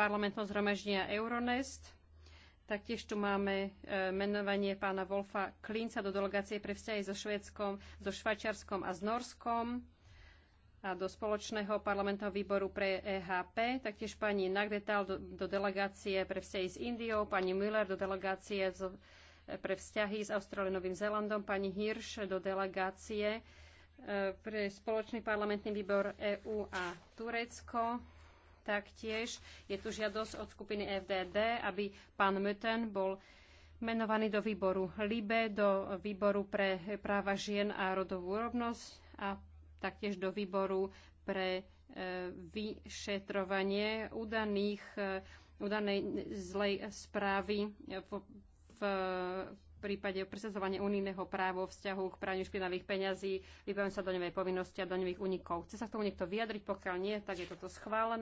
parlamentného zhromaždenia Euronest. Taktiež tu máme e, menovanie pána Wolfa Klinca do delegácie pre vzťahy so Švedskom, so Švajčiarskom a s Norskom a do spoločného parlamentného výboru pre EHP, taktiež pani Nagdetal do, do delegácie pre vzťahy s Indiou, pani Müller do delegácie z, e, pre vzťahy s Austráliou Novým Zélandom, pani Hirsch do delegácie e, pre spoločný parlamentný výbor EÚ a Turecko Taktiež je tu žiadosť od skupiny FDD, aby pán Möten bol menovaný do výboru LIBE, do výboru pre práva žien a rodovú rovnosť a taktiež do výboru pre e, vyšetrovanie udaných, e, udanej zlej správy v, v prípade presadzovania unijného práva vzťahu k praniu špinavých peňazí, vybavujú sa daňové povinnosti a daňových únikov. Chce sa k tomu niekto vyjadriť? Pokiaľ nie, tak je toto schválené.